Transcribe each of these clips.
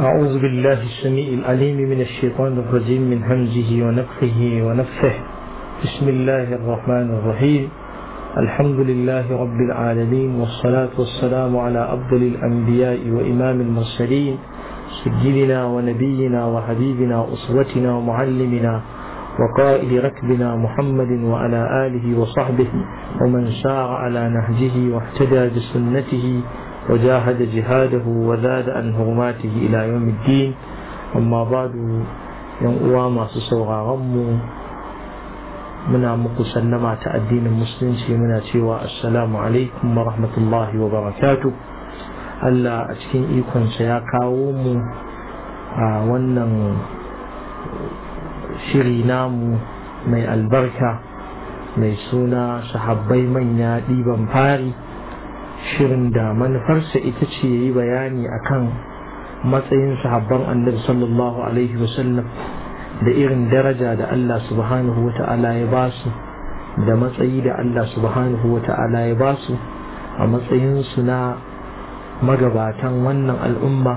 أعوذ بالله السميع العليم من الشيطان الرجيم من همزه ونفخه ونفخه بسم الله الرحمن الرحيم الحمد لله رب العالمين والصلاة والسلام على أفضل الأنبياء وإمام المرسلين سجلنا ونبينا وحبيبنا أسوتنا ومعلمنا وقائد ركبنا محمد وعلى آله وصحبه ومن سار على نهجه واهتدى بسنته وجاهد جهاده وزاد عن هرماته إلى يوم الدين أما بعد ينقوى ما سسوغا غمو منا مقسنما تأدين المسلم منا سوى السلام عليكم ورحمة الله وبركاته ألا أتكين إيكون سياكاوم ونن shiri namu mai albarka mai suna sahabbai manya ɗiban fari shirin da manufarsa ita ce ya yi bayani a kan matsayin sahabban annabi sallallahu alaihi wasallam da irin daraja da Allah subhanahu wa ta'ala ya ba su da matsayi da Allah subhanahu wa ta'ala ya ba su a matsayinsu na magabatan wannan al'umma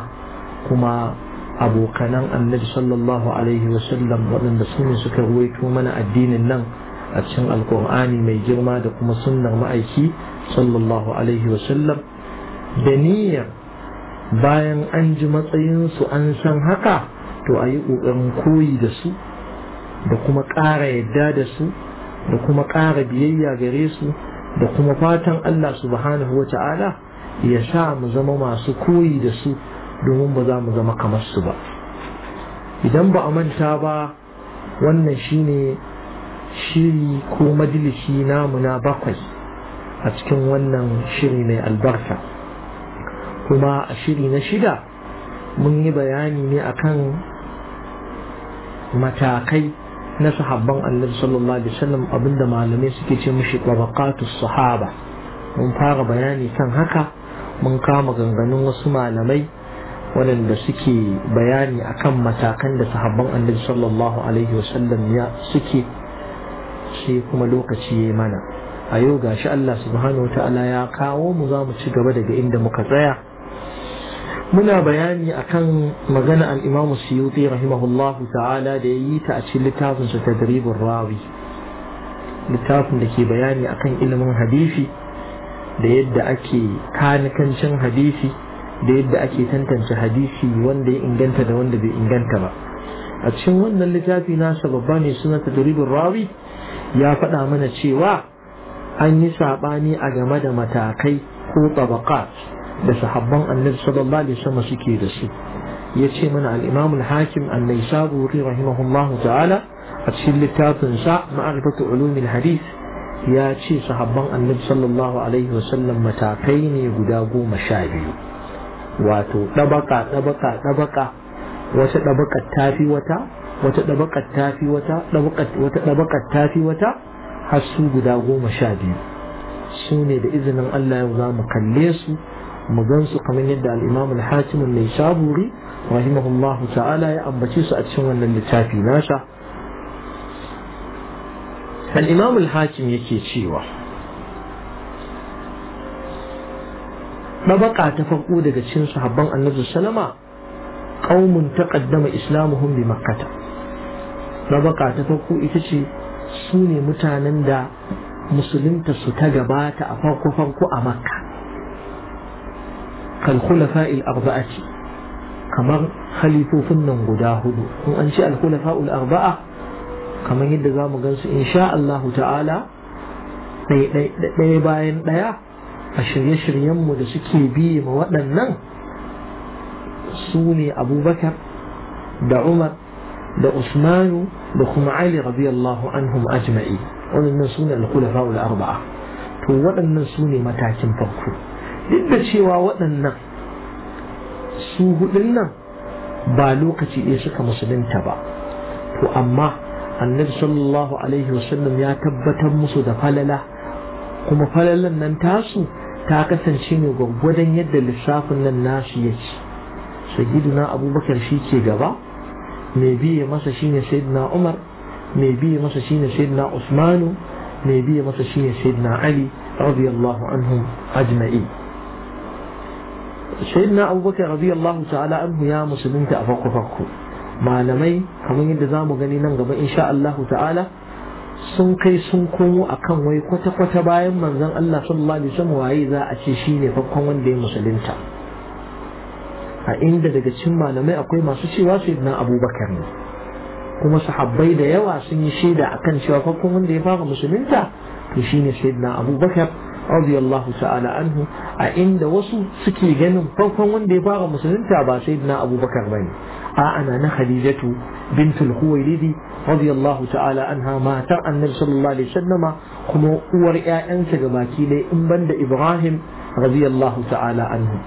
kuma abokanan annabi sallallahu alaihi wasallam waɗanda su ne suka ruwaito mana addinin nan a cikin alkur'ani mai girma da kuma sunnar ma'aiki sallallahu alaihi wasallam da niyyar bayan an ji matsayinsu an san haka to a yi ƙoƙarin koyi da su da kuma ƙara yadda da su da kuma ƙara biyayya gare su da kuma fatan Allah subhanahu wa ta'ala ya sa mu zama masu koyi da su domin ba za mu zama kamar su ba idan ba a manta ba wannan shine shiri ko majalisi namu na bakwai a cikin wannan shiri mai albarka kuma a shiri na shida mun yi bayani ne akan matakai na sahabban annabi sallallahu alaihi wasallam abinda malamai suke ce mushi tabaqatu sahaba mun fara bayani kan haka mun kama ganganin wasu malamai waɗanda suke bayani akan matakan da sahabban annabi sallallahu alaihi wasallam ya suke sai kuma lokaci ya mana a yau ga shi Allah subhanahu wata'ala ya kawo mu za mu ci gaba daga inda muka tsaya muna bayani akan magana al-Imam Suyuti rahimahullahu ta'ala da yayi ta a cikin littafin sa Tadribur Rawi littafin da ke bayani akan ilimin hadisi da yadda ake kanikancin hadisi da yadda ake tantance hadisi wanda ya inganta da wanda bai inganta ba a cikin wannan littafi nasa babba ne suna Tadribur Rawi ya faɗa mana cewa an yi saɓani a game da matakai ko tabaqat da sahabban annabi sallallahu alaihi wasallam suke da su yace mana al-imam al-hakim an-naisaburi rahimahullahu ta'ala a cikin littafin sa ma'rifatu ulumil hadith ya ce sahabban annabi sallallahu alaihi wasallam matakai ne guda goma sha biyu wato ɗabaka ɗabaka ɗabaka wata ɗabakar tafi wata wata ɗabakar tafi wata wata ɗabakar tafi wata har su guda goma sha biyu su ne da izinin Allah yau za mu kalle su mu gan su kamar yadda al-Imam al-Hakim al shaburi rahimahullahu ta'ala ya ambace su a cikin wannan littafi nasa al-Imam al-Hakim yake cewa mabaka ta farko daga cikin sahabban Annabi sallama qaumun taqaddama islamuhum bi makkah mabaka ta farko ita ce su mutanen da musulunta su ta gabata a farko-farko a makka kal khulafa al arba'ati kamar khalifofin nan guda hudu in an ce al khulafa al arba'a kamar yadda za mu gansu insha Allah ta'ala sai ɗaya bayan ɗaya a shirye-shiryenmu da suke bi ma waɗannan su ne abubakar da umar da usmanu da kuma Ali radiyallahu anhum ajma'i waɗannan su ne al arba'a to waɗannan su ne matakin farko duk da cewa waɗannan su hudun nan ba lokaci ɗaya suka musulunta ba to amma annabi sallallahu alaihi wasallam ya tabbatar musu da falala kuma falalan nan tasu ta kasance ne gwaggwadon yadda lissafin nan nasu yake sayyiduna abubakar shi ke gaba ميبي مسا شين سيدنا عمر ميبي مسا شين سيدنا عثمان ميبي مسا شين سيدنا علي رضي الله عنهم أجمعين سيدنا أبو بكر رضي الله تعالى عنه يا مسلمين تأفق فقه ما لمي كمين دزام وغنين نغب إن شاء الله تعالى sun kai sun komo a kan wai kwata-kwata bayan manzan Allah sallallahu Alaihi wasallam waye za a ce shi ne farkon wanda ya musulunta a inda daga cikin malamai akwai masu cewa su abubakar ne kuma sahabbai da yawa sun yi shaida akan cewa farkon wanda ya fara musulunta to shine sayyidina abubakar radiyallahu ta'ala anhu a inda wasu suke ganin farkon wanda ya fara musulunta ba sayyidina abubakar bane a ana na khadijatu bintul khuwaylidi radiyallahu ta'ala anha matar annabi sallallahu alaihi wasallama kuma uwar ƴaƴansa gabaki baki dai in banda ibrahim radiyallahu ta'ala anhu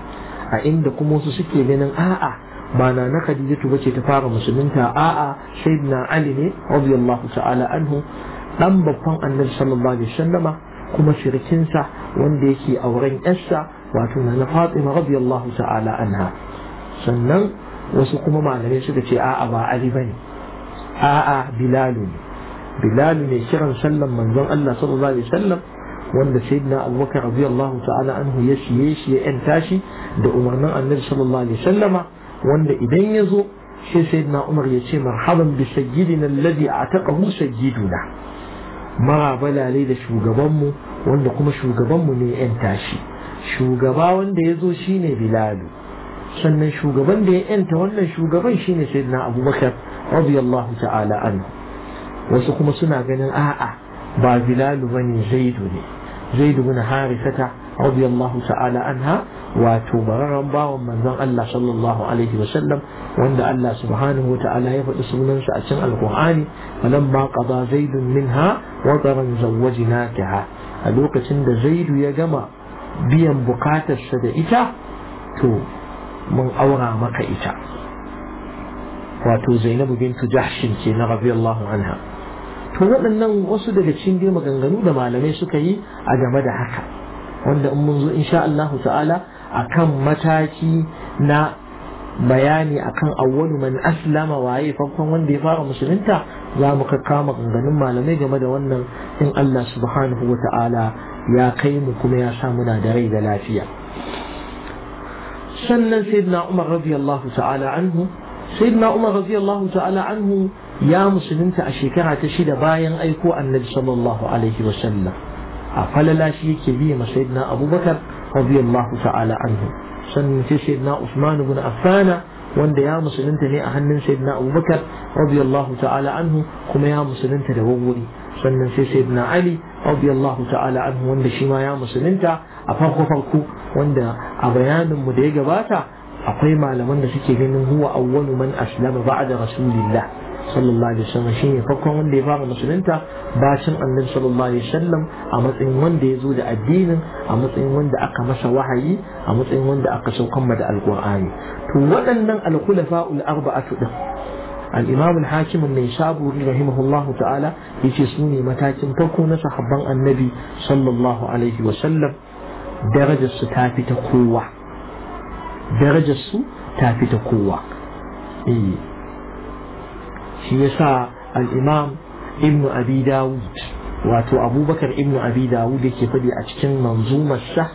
a inda kuma wasu suke ganin a'a ba na na Khadijatu bace ta fara musulunta a'a sayyidina Ali ne radiyallahu ta'ala anhu dan babban annabi sallallahu alaihi wasallama kuma shirkinsa wanda yake auren yarsa wato na na Fatima radiyallahu ta'ala anha sannan wasu kuma malamai suka ce a'a ba Ali bane a'a Bilal ne Bilal ne kiran sallan manzon Allah sallallahu alaihi wasallam wanda sayyidina abubakar radiyallahu ta'ala anhu ya siye shi ya yanta tashi da umarnin annabi sallallahu alaihi sallama, wanda idan ya zo sai sayyidina umar ya ce marhaban bi sayyidina alladhi ataqahu sayyiduna mara lalai da shugabanmu wanda kuma shugabanmu ne yanta tashi. shugaba wanda ya zo shine bilalu sannan shugaban da ya yanta wannan shugaban shine sayyidina abubakar radiyallahu ta'ala anhu wasu kuma suna ganin a'a ba bilalu bane zaidu ne Zaidu ibn harisata radiyallahu ta'ala anha wato bararren bawan manzon Allah sallallahu alaihi wa sallam wanda Allah subhanahu wa ta'ala ya faɗi sunansa a cikin alqur'ani falamma qada zaidun minha wa taran zawwajnakaha a lokacin da zaidu ya gama biyan bukatarsa da ita to mun aura maka ita wato zainabu bintu jahshin ce na radiyallahu anha to waɗannan wasu daga cikin dai maganganu da malamai suka yi a game da haka wanda in mun zo insha Allah ta'ala akan mataki na bayani akan awwalu man aslama waye farkon wanda ya fara musulunta za mu kakka maganganun malamai game da wannan in Allah subhanahu wa ta'ala ya kai mu kuma ya sa muna da rai da lafiya sannan sayyidina Umar radiyallahu ta'ala anhu sayyidina Umar radiyallahu ta'ala anhu ya musulunta a shekara ta shida bayan aiko annabi sallallahu alaihi sallam a falala shi yake biya ma sayyidina abubakar radiyallahu ta'ala anhu sannan sai sayyidina usman ibn affana wanda ya musulunta ne a hannun sayyidina abubakar radiyallahu ta'ala anhu kuma ya musulunta da wawwuri sannan sai sayyidina ali radiyallahu ta'ala anhu wanda shi ma ya musulunta a farko farko wanda a bayanin mu da ya gabata akwai malaman da suke ganin huwa awwalu man aslama ba'da rasulillah صلى الله عليه وسلم شيء فكون من دفاع المسلمين تا باشم أن النبي صلى الله عليه وسلم أمس إن من ديزو الدين أمس إن من دأك مس وحي أمس إن من دأك سو قمة القرآن تولن من الخلفاء الأربعة ده الإمام الحاكم النيسابوري رحمه الله تعالى يتسمي متاكم تكون صحبا النبي صلى الله عليه وسلم درجة ستافي تقوى درجة ستافي تقوى إيه سيسا الإمام ابن أبي داود واتو أبو بكر ابن أبي داود كيف دي أتكن منظومة سه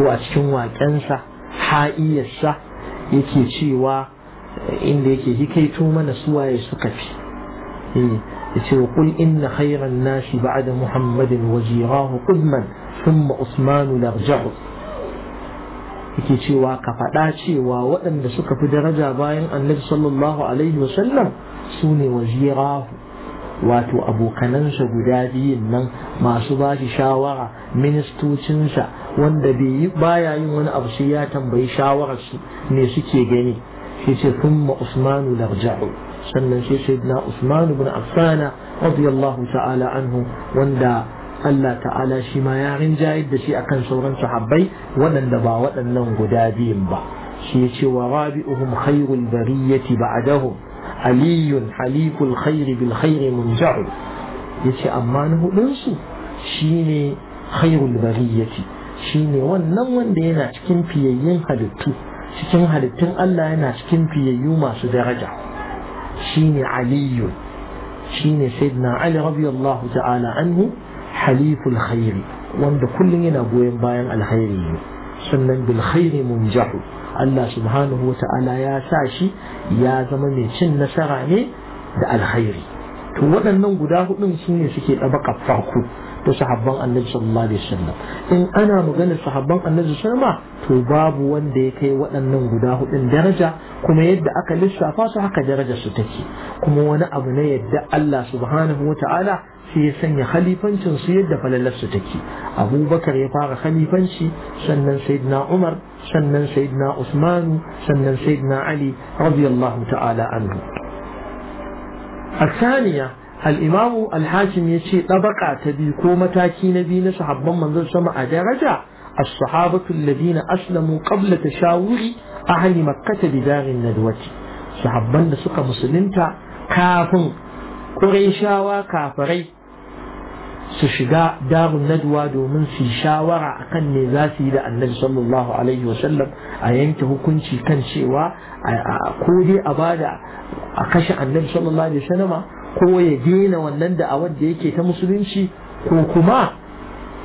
هو أتكن واتنسة حائية سه يكي تشيوا إن ديكي هكي توما نسوا يسكفي يتي يقول إن خير الناس بعد محمد وزيراه قدما ثم عثمان لرجعه يكي ان كفتا تشيوا وأن سكف درجة باين النبي صلى الله ان وسلم سوني وزيراه واتو أبو كننسا قدادين من ما سباك شاورة من استوتنسا واندبي بايا يمن أبسياتا بي شاورة نسيكي جني في ثم عثمان لرجعوا سنة سيدنا عثمان بن عفان رضي الله تعالى عنه واندى الله تعالى شما يا رنجاي دشي أكن سورا صحابي ونن دبا ونن نون با سيتي ورابئهم خير البرية بعدهم aliyun halikul khairi bil khairi munja'u yace amma na hudun su shine khairul bariyati shine wannan wanda yana cikin fiyayyen halittu cikin halittun Allah yana cikin fiyayyu masu daraja shine aliyun shine sayyidina ali radiyallahu ta'ala anhu haliful khairi wanda kullum yana goyon bayan alkhairi ne sannan bil khairi munjahu Allah subhanahu wa ta'ala ya sa shi ya zama mai cin nasara ne da alkhairi to waɗannan guda hudun su ne suke ɗabaka farko صحابة النبي صلى الله عليه وسلم إن أنا مغنى صحابة النبي صلى الله عليه وسلم تو باب وان دي كي وان نن غداه إن درجة كما يدى أكا لسا فاسو حكا درجة ستكي كما وانا أبنى يدى الله سبحانه وتعالى في سنة خليفة سيدة فلالة ستكي أبو بكر يفاغ خليفة سنة سيدنا عمر سنة سيدنا عثمان سنة سيدنا علي رضي الله تعالى عنه الثانية الإمام الحاشم يشي طبقة تبي كومة تاكين بين صحابة من ذو درجة الصحابة الذين أسلموا قبل تشاور أهل مكة بدار الندوة صحابة سكة مسلمة كافن قريشا وكافري سشداء دار الندوة دومن في شاورة أقن نزاسي إلى النبي صلى الله عليه وسلم أينته كنشي كنشي وقودي أبادا أكشع النبي صلى الله عليه وسلم ko ya daina wannan da'awar da yake ta musulunci ko kuma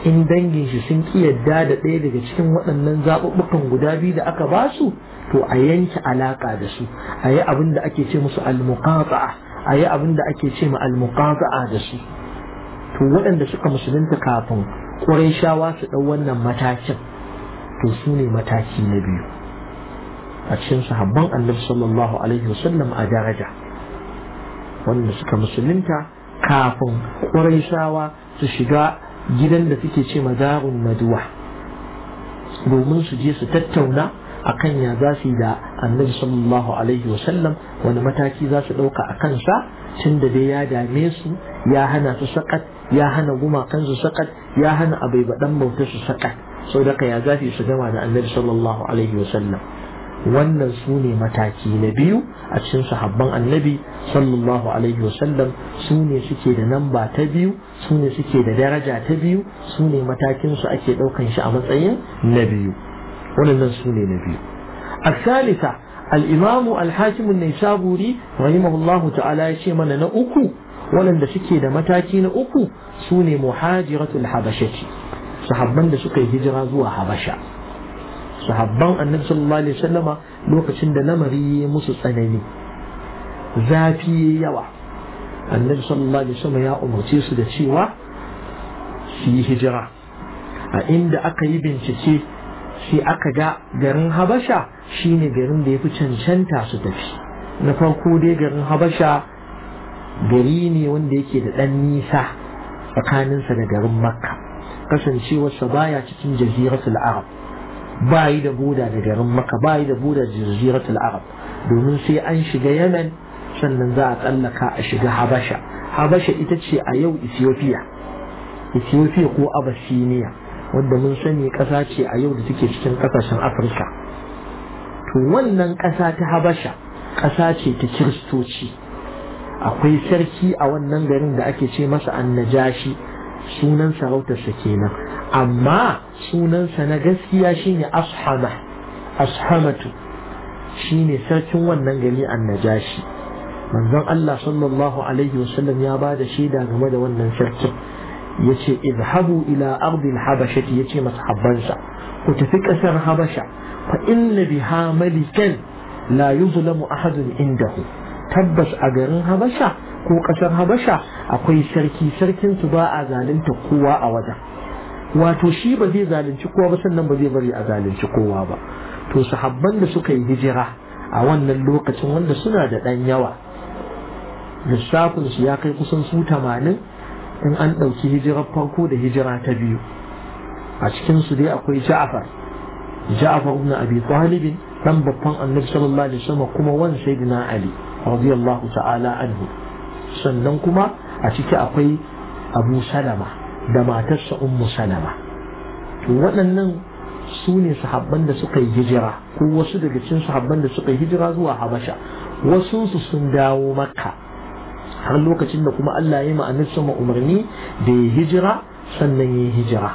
in dangin shi sun ki yadda da ɗaya daga cikin waɗannan zaɓuɓɓukan guda biyu da aka ba su to a yanke alaƙa da su a yi abin da ake ce musu almuqata'a a yi abin da ake ce ma almuqata'a da su to waɗanda suka musulunta kafin shawa su ɗau wannan matakin to su ne mataki na biyu a cikin sahabban annabi sallallahu alaihi wasallam a daraja wanda suka musulunta kafin ƙuraishawa su shiga gidan da suke ce mazarun maduwa domin su je su tattauna a kan ya za su yi da annabi sallallahu alaihi wasallam wani mataki za su ɗauka a kansa tun da dai ya dame su ya hana su sakat ya hana gumakan su sakat ya hana abai baɗan bauta su sakat sau da ya za su gama da annabi sallallahu alaihi wasallam wannan su ne mataki na biyu a cikin sahabban annabi sallallahu alaihi wasallam su ne suke da namba ta biyu su ne suke da daraja ta biyu su ne matakin su ake daukan shi a matsayin na biyu wannan su ne na biyu الثالثة الإمام الحاكم النيسابوري رحمه الله تعالى يشي من نأكو waɗanda suke da mataki na uku su ne muhajiratul habashati sahabban da suka yi hijira zuwa habasha sahabban annabi sallallahu alaihi wasallama lokacin da lamari ya musu tsanani zafi ya yawa annabi sallallahu alaihi wasallam ya umarce su da cewa su yi hijira a inda aka yi bincike shi aka ga garin habasha shine garin da ya fi cancanta su tafi na farko dai garin habasha gari ne wanda yake da ɗan nisa tsakaninsa da garin makka kasancewarsa baya cikin jaziratul arab ba yi da boda da garin maka ba yi da boda da jaziratul arab domin sai an shiga yamen sannan za a tsallaka a shiga habasha habasha ita ce a yau ethiopia ethiopia ko abyssinia wadda mun sani ƙasa ce a yau da take cikin ƙasashen afirka to wannan ƙasa ta habasha ƙasa ce ta kiristoci akwai sarki a wannan garin da ake ce masa annajashi sunan sarautarsa kenan amma sunansa na gaskiya shine ashama ashamatu shine sarkin wannan gari annajashi manzon Allah sallallahu alaihi wasallam ya ba da shaida game da wannan sarkin yace izhabu ila ardil habashati yace masahabbansa ku tafi kasar habasha fa inna biha malikan la yuzlamu ahadun indahu tabbas a garin habasha ko kasar habasha akwai sarki sarkin su ba a zalunta kowa a wajen wato shi ba zai zalunci kowa ba sannan ba zai bari a zalunci kowa ba to sahabban da suka yi hijira a wannan lokacin wanda suna da ɗan yawa lissafin su ya kai kusan su tamanin in an ɗauki hijirar farko da hijira ta biyu a cikin su dai akwai ja'far ja'far ibn abi talib dan babban annabi sallallahu alaihi wasallam kuma wan sayyidina ali radiyallahu ta'ala anhu sannan kuma a ciki akwai abu salama da matarsa ummu salama waɗannan su ne sahabban da suka yi hijira ko wasu daga cikin sahabban da suka yi hijira zuwa habasha wasu su sun dawo makka har lokacin da kuma Allah ya ma'anar sama umarni da ya hijira sannan ya hijira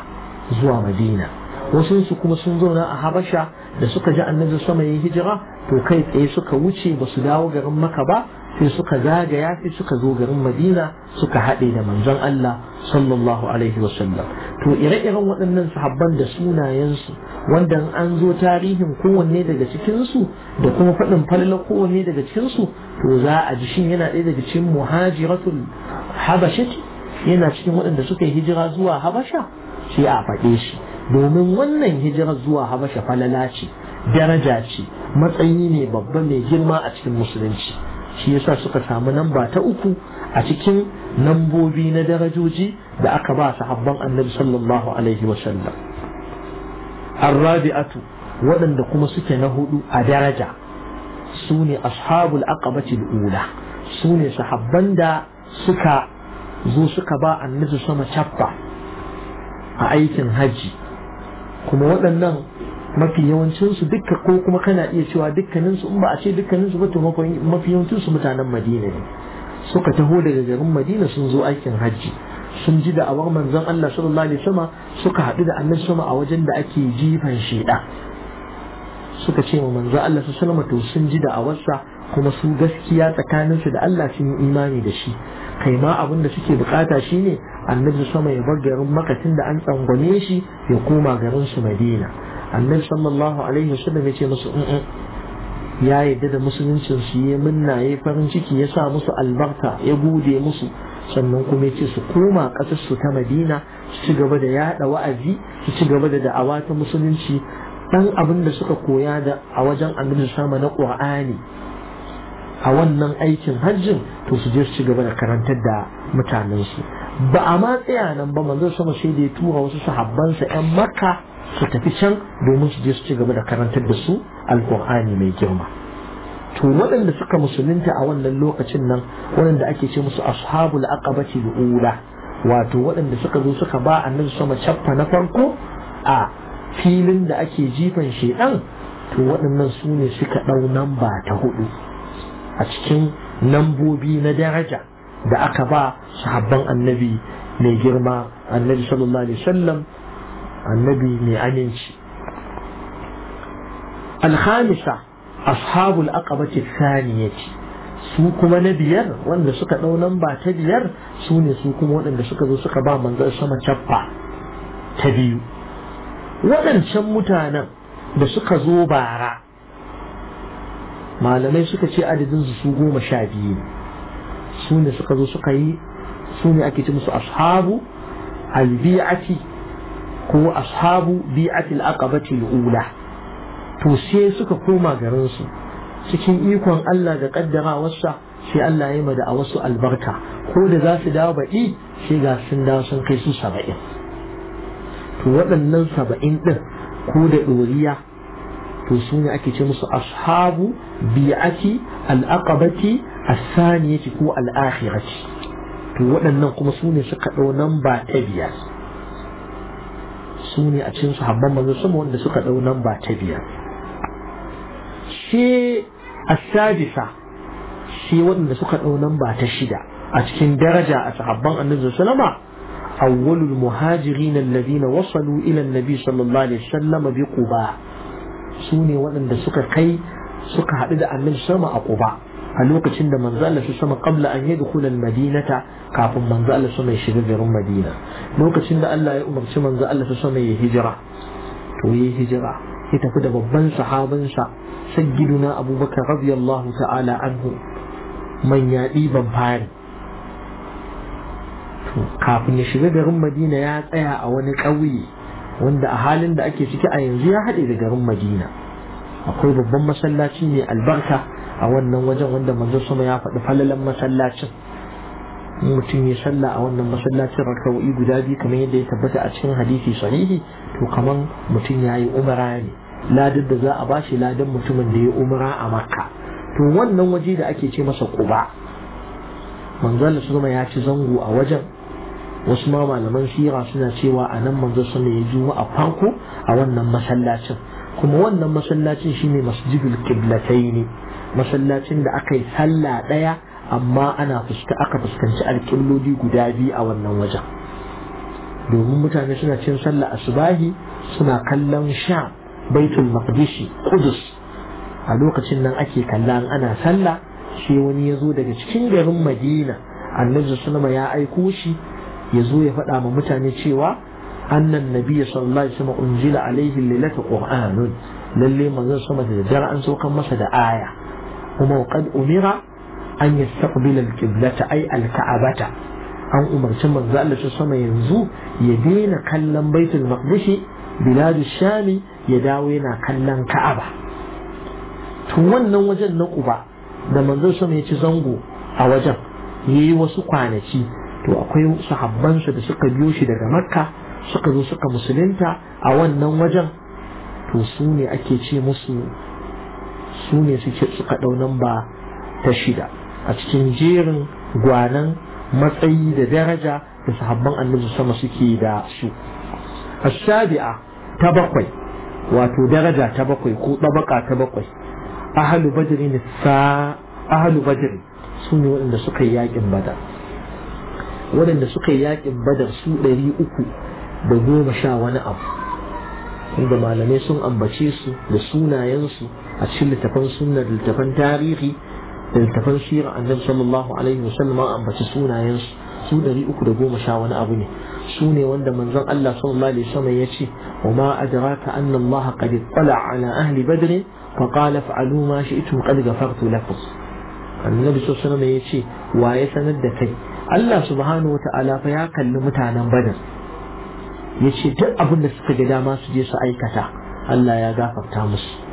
zuwa madina wasu su kuma sun zauna a habasha da suka ji annabi sama ya hijira to kai tsaye suka wuce ba su dawo garin maka ba sai suka zagaya sai suka zo garin madina suka haɗe da manzon Allah sallallahu alaihi wasallam to ire-iren waɗannan sahabban da sunayensu wanda an zo tarihin kowanne daga cikinsu da kuma faɗin falalar kowanne daga cikinsu to za a ji shin yana ɗaya daga cikin muhajiratul habasha yana cikin waɗanda suka yi hijira zuwa habasha sai a faɗe shi domin wannan hijirar zuwa habasha falala ce daraja ce matsayi ne babba mai girma a cikin musulunci shi yasa suka samu namba ta uku a cikin nambobi na darajoji da aka ba sahabban annabi sallallahu alaihi wa sallam arrabi'atu waɗanda kuma suke na hudu a daraja su ne ashabul aqabati al ula su ne sahabban da suka zo suka ba annabi sama cappa a aikin haji kuma waɗannan mafi yawancinsu duka ko kuma kana iya cewa dukkaninsu in ba a ce dukkaninsu ba to mafi yawancinsu mutanen madina ne suka taho daga garin madina sun zo aikin hajji sun ji da awar manzon Allah sallallahu alaihi wasallam suka haɗu da annabi sama a wajen da ake jifan sheda suka ce wa manzon Allah sallallahu alaihi wasallam to sun ji da awarsa kuma su gaskiya tsakaninsu da Allah sun yi imani da shi kai ma abin da suke bukata shine annabi sama ya bar garin makatin da an tsangwame shi ya koma garin su Madina annabi sallallahu alaihi wasallam ya ce musu mm, mm. ya yadda da musuluncin su ya minna ya farin ciki ya sa musu albarka ya gode musu sannan kuma ya ce su koma ƙasar su ta madina su ci gaba da yada wa'azi su ci gaba da da'awa ta musulunci Dan abin da suka koya da a wajen annabi sama na ƙur'ani a wannan aikin hajjin to su je su ci gaba da karantar da mutanensu ba a ma tsaya nan ba manzo sama sai da ya tura wasu sa yan makka su tafi can domin su je su ci gaba da karantar da su alkur'ani mai girma to waɗanda suka musulunta a wannan lokacin nan waɗanda ake ce musu ashabul aqabati al-ula wato waɗanda suka zo suka ba annabi sama cappa na farko a filin da ake jifan shedan to waɗannan su ne suka ɗau namba ta hudu a cikin lambobi na daraja da aka ba sahabban annabi mai girma annabi sallallahu alaihi wasallam annabi mai aminci alhamisa ashabul aqabati thaniyati su kuma na biyar wanda suka dau lamba ta biyar su ne su kuma waɗanda suka zo suka ba manzon sama cappa ta biyu waɗancan mutanen da suka zo bara malamai suka ce adadin su goma sha biyu ne su ne suka zo suka yi su ake ci musu ashabu albi'ati ko ashabu bi'atil aqabati ula to sai suka koma garin su cikin ikon Allah da kaddarawarsa sai Allah ya yi da a wasu albarka ko da za su dawo baɗi sai ga sun dawo sun kai su saba'in to waɗannan saba'in ɗin ko da ɗoriya to su ake ce musu ashabu bi'ati al al-aqabati asaniyati ko al'akhirati to waɗannan kuma su ne suka ɗau namba ta su ne a cikin sahabban manzo sama wanda suka ɗau namba ta biyar sai asadisa sai waɗanda suka ɗau namba ta shida a cikin daraja a sahabban annabi sallama awwalul muhajirin alladhina wasalu ila annabi sallallahu alaihi wasallam bi su ne waɗanda suka kai suka haɗu da annabi sama a quba a lokacin da manzo Allah sama qabla an yi al-madinata kafin manzo Allah sama ya shiga garin Madina lokacin da Allah ya umarci manzo Allah sama ya hijira to ya hijira ya tafi da babban sahabansa sayyiduna Abubakar radiyallahu ta'ala anhu man ya diban fari kafin ya shiga garin Madina ya tsaya a wani ƙauye wanda a halin da ake ciki a yanzu ya haɗe da garin Madina akwai babban masallaci ne albarka a wannan wajen wanda manzo sama ya faɗi falalan masallacin mutum ya salla a wannan masallacin raka'o'i guda biyu kamar yadda ya tabbata a cikin hadisi sahihi to kaman mutum ya yi umara ne ladin da za a bashi ladan mutumin da ya umara a makka to wannan waje da ake ce masa ƙuba. manzon sama ya ci zango a wajen wasu ma malaman sira suna cewa a nan manzo sama ya juma a farko a wannan masallacin kuma wannan masallacin shine masjidul qiblataini ne masallacin da aka yi sallah ɗaya amma ana fuska aka fuskanci alƙilloli guda biyu a wannan wajen domin mutane suna cin sallah asubahi suna kallon sha baitul maqdisi kudus a lokacin nan ake kalla ana sallah sai wani ya zo daga cikin garin madina annabi sallama ya aiko shi ya zo ya faɗa ma mutane cewa annan nabi sallallahu alaihi wasallam unzila alaihi lilatul qur'anun lalle manzon sama da daddare an sauka masa da aya kuma qad umira an yastaqbila al-qiblata ay al-ka'abata an umarci manzo Allah sama yanzu ya daina kallon baitul maqdisi biladu shami ya dawo yana kallon ka'aba tun wannan wajen na kuba da manzo sama ya ci zango a wajen yayi wasu kwanaki to akwai sahabbansa da suka biyo shi daga makka suka zo suka musulunta a wannan wajen to su ne ake ce musu su ne suke suka ɗau namba ta shida a cikin jerin gwanan matsayi da daraja da sahabban annabi sama suke da su asabi'a ta bakwai wato daraja ta bakwai ko ɗabaka ta bakwai ahalu bajiri ne sa su ne waɗanda suka yi yaƙin badar waɗanda suka yi yaƙin badar su ɗari uku da goma sha wani abu inda malamai sun ambace su da sunayensu a cikin littafan suna da littafan tarihi da littafan shirin annabi sallallahu alaihi wasallam an ambaci sunayensu su ɗari uku da goma sha wani abu ne su ne wanda manzon Allah sallallahu alaihi wasallam ya ce wa ma adraka anna Allah qad tala ala ahli badr fa qala fa'alu ma shi'tum qad ghafartu lakum annabi sallallahu alaihi ya ce wa ya sanar da kai Allah subhanahu wa ta'ala fa ya kalli mutanen badr ya ce duk abin da suka ga dama su je su aikata Allah ya gafarta musu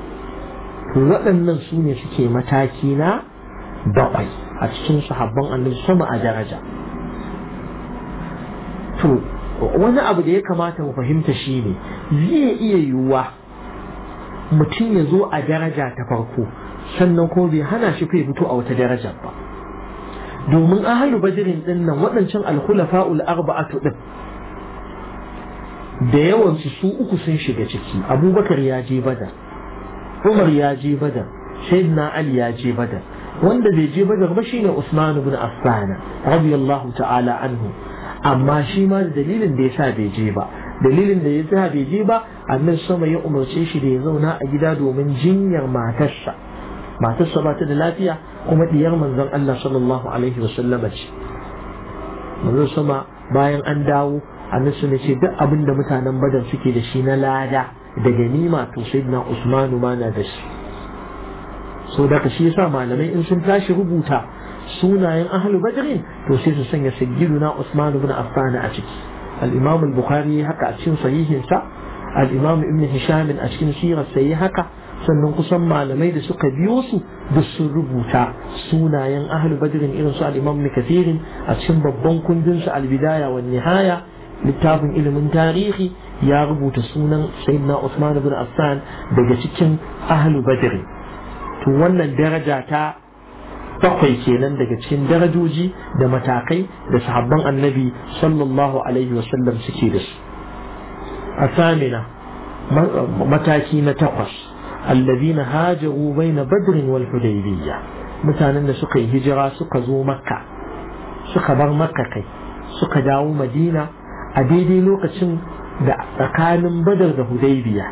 to waɗannan su ne suke mataki na bakwai a cikin sahabban annabi sama a daraja to wani abu da ya kamata mu fahimta shine zai iya yiwuwa mutum ya zo a daraja ta farko sannan ko bai hana shi kai fito a wata darajar ba domin ahalu badirin din nan waɗancan alkhulafa'ul arba'atu din da yawansu su uku sun shiga ciki abubakar ya je bada. Umar ya je Badar Sayyidina Ali ya je Badar wanda bai je Badar ba shine Usman ibn Affan radiyallahu ta'ala anhu amma shi ma da dalilin da yasa bai je ba dalilin da yasa bai je ba annan sama ya umarce shi da ya zauna a gida domin jinyar matarsa matarsa ba ta da lafiya kuma diyar manzon Allah sallallahu alaihi wasallama ce manzon sama bayan an dawo annan sun ce duk abin da mutanen Badar suke da shi na lada da ganima to na usmanu ma na da shi so daga shi yasa malamai in sun tashi rubuta sunayen ahlu badrin to sai su sanya na usman ibn affan a ciki al-imam al-bukhari haka a cikin sahihinsa al-imam ibn hisham a cikin sirar yi haka sannan kusan malamai da suka biyo su da sun rubuta sunayen ahlu badrin irin su al-imam a cikin babban kundin su al-bidaya nihaya littafin ilimin tarihi ya rubuta sunan sayyidina Usman ibn Affan daga cikin ahlu badri to wannan daraja ta bakwai kenan daga cikin darajoji da matakai da sahabban annabi sallallahu alaihi wasallam suke da su a samina mataki na takwas allazina hajaru baina badrin wal hudaybiyya mutanen da suka yi hijira suka zo makka suka bar makka kai suka dawo madina a daidai lokacin da tsakanin badar da hudaybiya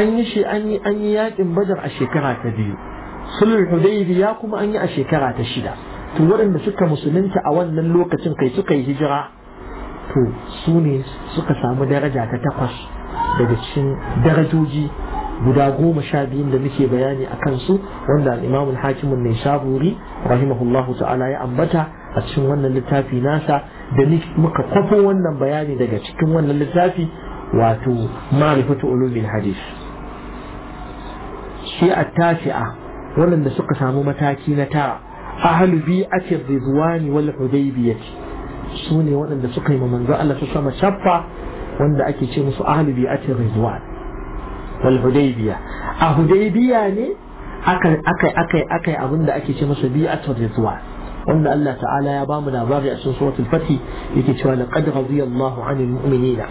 an yi shi an yi an yi yakin badar a shekara ta biyu sulhul hudaybiya kuma an yi a shekara ta shida to waɗanda suka musulunta a wannan lokacin kai suka yi hijira to su ne suka samu daraja ta takwas daga cikin darajoji guda goma sha biyun da muke bayani a kansu wanda al'imamun hakimun ne shaburi rahimahullahu ta'ala ya ambata a cikin wannan littafi nasa da muka kwafo wannan bayani daga cikin wannan littafi wato ma'rifatu ulumil hadis shi at-tasi'a waɗanda suka samu mataki na tara a ahlu bi'ati ridwani wal hudaybiyati su ne waɗanda suka yi manzo Allah su sama shaffa wanda ake ce musu ahlu bi'ati ridwan wal hudaybiya a hudaybiya ne aka aka aka aka abinda ake ce masa bi'atu ridwan wanda Allah ta'ala ya bamu labari a cikin suratul fati yake cewa laqad radiyallahu 'anil mu'minina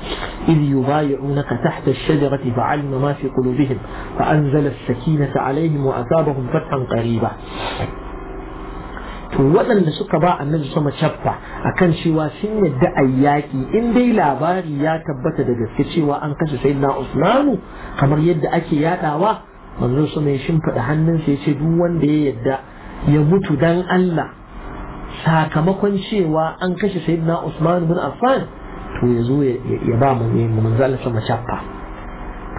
إذ يبايعونك تحت الشجرة فعلم ما في قلوبهم فأنزل السكينة عليهم وأثابهم فتحا قريبا to waɗanda suka ba annabi sama cappa akan cewa sun yadda a yaƙi in dai labari ya tabbata da gaske cewa an kashe sai na usmanu kamar yadda ake yaɗawa manzon sama ya shimfiɗa hannunsa ya ce duk wanda ya yadda ya mutu dan Allah sakamakon cewa an kashe sayyidina Usman bin Affan to yazo ya ba mu ne mun zalla sama chaffa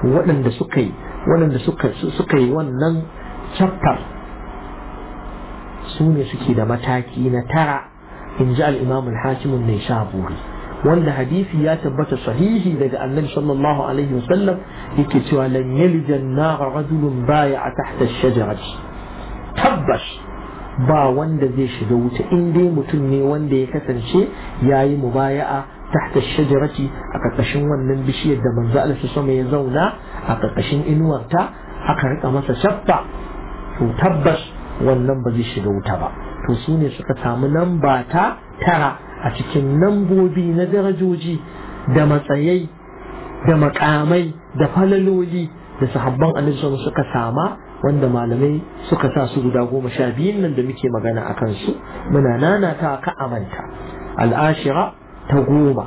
to waɗanda suka yi waɗanda suka suka yi wannan chaffar su ne suke da mataki na tara in ji al-Imam al-Hakim an-Naisaburi wanda hadisi ya tabbata sahihi daga annabi sallallahu alaihi wasallam yake cewa lan yalija an-nar rajulun baya tahta ash-shajarati tabbash ba wanda zai shiga wuta in dai mutum ne wanda ya kasance yayi yi mubaya'a tahta shajarati a ƙarƙashin wannan bishiyar da manzo Allah sama ya zauna a ƙarƙashin inuwarta aka rika masa shaffa to tabbas wannan ba zai shiga wuta ba to shine suka samu namba ta tara a cikin nambobi na darajoji da matsayai da makamai da falaloli da sahabban annabi suka sama wanda malamai suka sa su guda goma sha biyun nan da muke magana a kansu muna ta ka amanta al'ashira ta goma